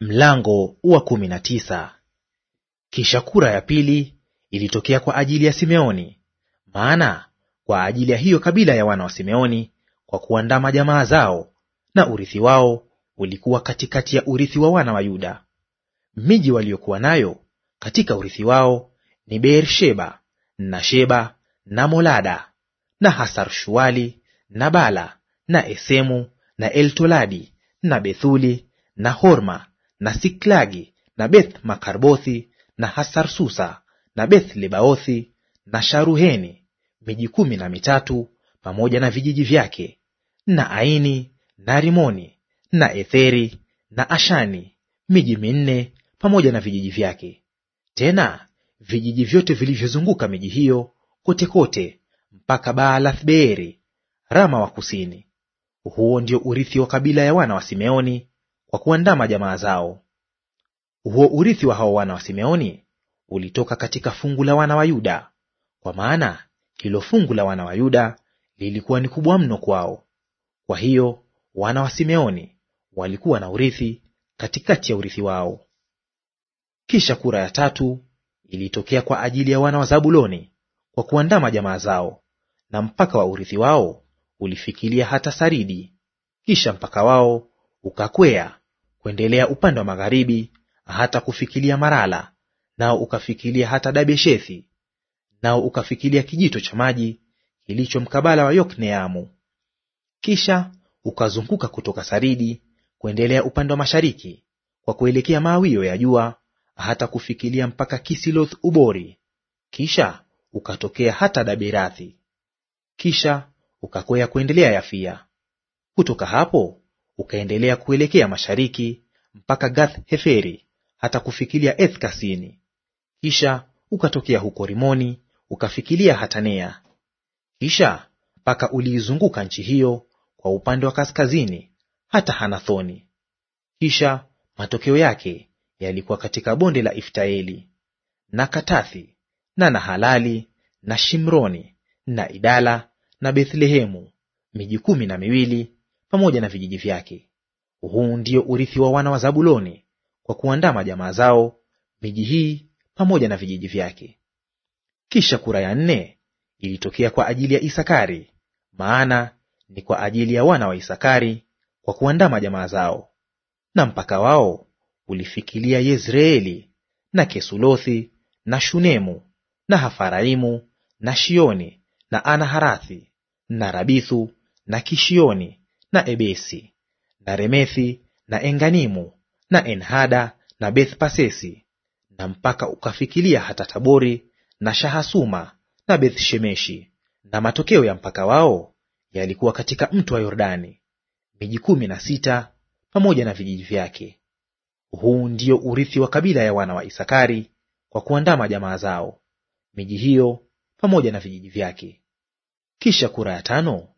Mlango wa kumi na tisa. Kisha kura ya pili ilitokea kwa ajili ya Simeoni, maana kwa ajili ya hiyo kabila ya wana wa Simeoni kwa kuandama jamaa zao, na urithi wao ulikuwa katikati ya urithi wa wana wa Yuda. Miji waliokuwa nayo katika urithi wao ni Beersheba na Sheba na Molada na Hasarshuali na Bala na Esemu na Eltoladi na Bethuli na Horma na Siklagi na Beth Makarbothi na Hasarsusa na Beth Lebaothi na Sharuheni, miji kumi na mitatu pamoja na vijiji vyake, na Aini na Rimoni na Etheri na Ashani, miji minne pamoja na vijiji vyake, tena vijiji vyote vilivyozunguka miji hiyo kote kote mpaka Baalathbeeri, Rama wa kusini. Huo ndio urithi wa kabila ya wana wa Simeoni kwa kuandama jamaa zao. Huo urithi wa hao wana wa Simeoni ulitoka katika fungu la wana wa Yuda, kwa maana hilo fungu la wana wa Yuda lilikuwa ni kubwa mno kwao. Kwa hiyo wana wa Simeoni walikuwa na urithi katikati ya urithi wao. Kisha kura ya tatu ilitokea kwa ajili ya wana wa Zabuloni kwa kuandama jamaa zao, na mpaka wa urithi wao ulifikilia hata Saridi. Kisha mpaka wao ukakwea kuendelea upande wa magharibi hata kufikilia Marala, nao ukafikilia hata Dabeshethi, nao ukafikilia kijito cha maji kilicho mkabala wa Yokneamu. Kisha ukazunguka kutoka Saridi kuendelea upande wa mashariki kwa kuelekea mawio ya jua hata kufikilia mpaka Kisiloth Ubori. Kisha ukatokea hata Daberathi. Kisha ukakwea kuendelea Yafia. Kutoka hapo ukaendelea kuelekea mashariki mpaka Gath-Heferi hata kufikilia Eth-Kasini, kisha ukatokea huko Rimoni ukafikilia Hatanea, kisha mpaka uliizunguka nchi hiyo kwa upande wa kaskazini hata Hanathoni. Kisha matokeo yake yalikuwa katika bonde la Iftaeli na Katathi na Nahalali na Shimroni na Idala na Bethlehemu, miji kumi na miwili pamoja na vijiji vyake. Huu ndio urithi wa wana wa Zabuloni kwa kuandama jamaa zao, miji hii pamoja na vijiji vyake. Kisha kura ya nne ilitokea kwa ajili ya Isakari, maana ni kwa ajili ya wana wa Isakari kwa kuandama jamaa zao. Na mpaka wao ulifikilia Yezreeli na Kesulothi na Shunemu na Hafaraimu na Shioni na Anaharathi na Rabithu na Kishioni na Ebesi na Remethi na Enganimu na Enhada na bethpasesi na mpaka ukafikilia hata Tabori na Shahasuma na bethshemeshi Na matokeo ya mpaka wao yalikuwa katika mto wa Yordani, miji kumi na sita pamoja na vijiji vyake. Huu ndio urithi wa kabila ya wana wa Isakari kwa kuandama jamaa zao, miji hiyo pamoja na vijiji vyake. Kisha kura ya tano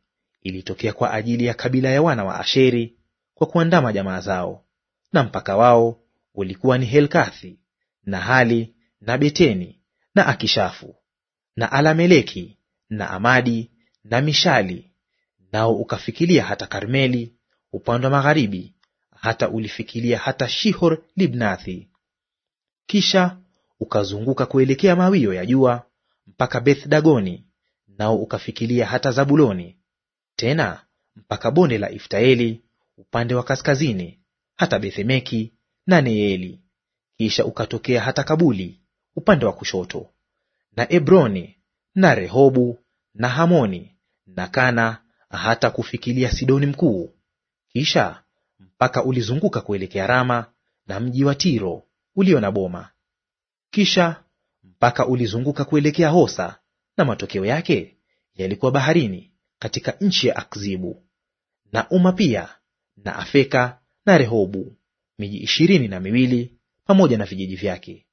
ilitokea kwa ajili ya kabila ya wana wa Asheri kwa kuandama jamaa zao. Na mpaka wao ulikuwa ni Helkathi na Hali na Beteni na Akishafu na Alameleki na Amadi na Mishali, nao ukafikilia hata Karmeli upande wa magharibi, hata ulifikilia hata Shihor Libnathi. Kisha ukazunguka kuelekea mawio ya jua mpaka Beth Dagoni, nao ukafikilia hata Zabuloni tena mpaka bonde la Iftaeli upande wa kaskazini hata Bethemeki na Neeli, kisha ukatokea hata Kabuli upande wa kushoto, na Ebroni na Rehobu na Hamoni na Kana hata kufikilia Sidoni mkuu, kisha mpaka ulizunguka kuelekea Rama na mji wa Tiro ulio na boma, kisha mpaka ulizunguka kuelekea Hosa, na matokeo yake yalikuwa baharini katika nchi ya Akzibu, na Uma pia na Afeka na Rehobu, miji ishirini na miwili pamoja na vijiji vyake.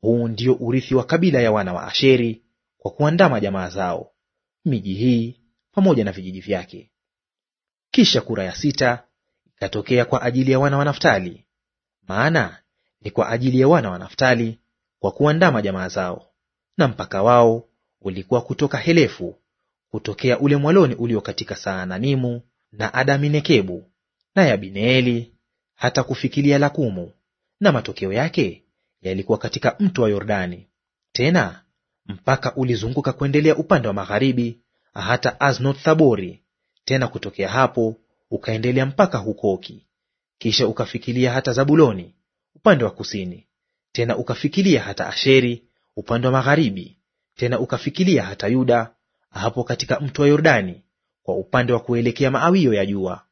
Huu ndio urithi wa kabila ya wana wa Asheri kwa kuandama jamaa zao, miji hii pamoja na vijiji vyake. Kisha kura ya sita ikatokea kwa ajili ya wana wa Naftali, maana ni kwa ajili ya wana wa Naftali kwa kuandama jamaa zao, na mpaka wao ulikuwa kutoka Helefu kutokea ule mwaloni ulio katika Saananimu na adaminekebu na Yabineeli hata kufikilia Lakumu, na matokeo yake yalikuwa katika mto wa Yordani. Tena mpaka ulizunguka kuendelea upande wa magharibi hata Aznoth Thabori, tena kutokea hapo ukaendelea mpaka Hukoki, kisha ukafikilia hata Zabuloni upande wa kusini, tena ukafikilia hata Asheri upande wa magharibi, tena ukafikilia hata Yuda hapo katika mto wa Yordani kwa upande wa kuelekea maawio ya jua.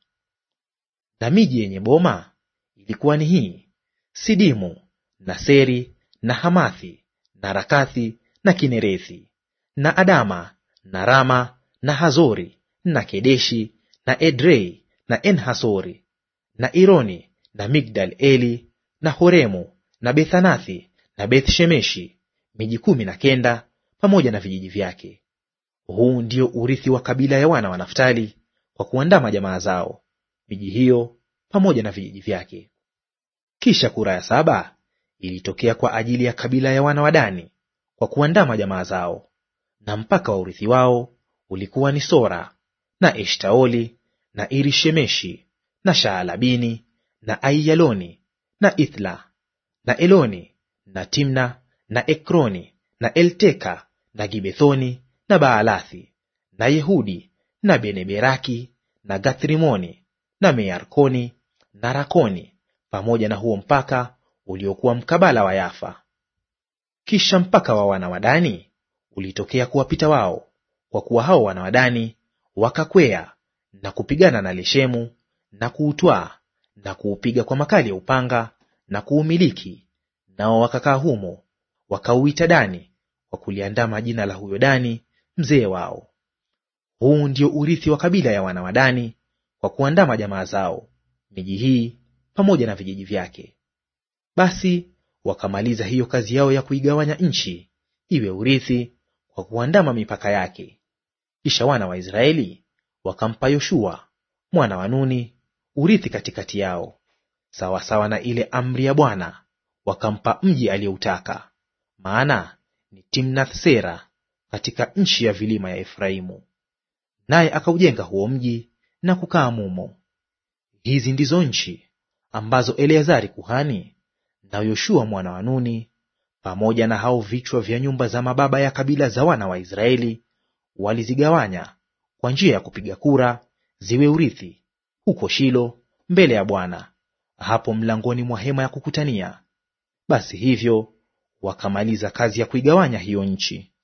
Na miji yenye boma ilikuwa ni hii: Sidimu na Seri na Hamathi na Rakathi na Kinerethi na Adama na Rama na Hazori na Kedeshi na Edrei na Enhasori na Ironi na Migdal Eli na Horemu na Bethanathi na Bethshemeshi, miji kumi na kenda pamoja na vijiji vyake. Huu ndio urithi wa kabila ya wana wa Naftali kwa kuandama jamaa zao, miji hiyo pamoja na vijiji vyake. Kisha kura ya saba ilitokea kwa ajili ya kabila ya wana wa Dani kwa kuandama jamaa zao, na mpaka wa urithi wao ulikuwa ni Sora na Eshtaoli na Irishemeshi na Shaalabini na Aiyaloni na Ithla na Eloni na Timna na Ekroni na Elteka na Gibethoni na Baalathi na Yehudi na Beneberaki na Gathrimoni na Mearkoni na Rakoni pamoja na huo mpaka uliokuwa mkabala wa Yafa. Kisha mpaka wa wana wa Dani ulitokea kuwapita wao, kwa kuwa hao wana wa Dani wakakwea na kupigana na Leshemu na kuutwaa na kuupiga kwa makali ya upanga na kuumiliki, nao wakakaa humo, wakauita Dani kwa kuliandama jina la huyo Dani mzee wao. Huu ndio urithi wa kabila ya wana wa Dani kwa kuandama jamaa zao, miji hii pamoja na vijiji vyake. Basi wakamaliza hiyo kazi yao ya kuigawanya nchi iwe urithi kwa kuandama mipaka yake. Kisha wana wa Israeli wakampa Yoshua mwana wa Nuni urithi katikati yao, sawasawa na ile amri ya Bwana wakampa mji aliyoutaka, maana ni Timnath Sera katika nchi ya vilima ya Efraimu, naye akaujenga huo mji na kukaa mumo. Hizi ndizo nchi ambazo Eleazari kuhani na Yoshua mwana wa Nuni pamoja na hao vichwa vya nyumba za mababa ya kabila za wana wa Israeli walizigawanya kwa njia ya kupiga kura ziwe urithi huko Shilo mbele ya Bwana, hapo mlangoni mwa hema ya kukutania. Basi hivyo wakamaliza kazi ya kuigawanya hiyo nchi.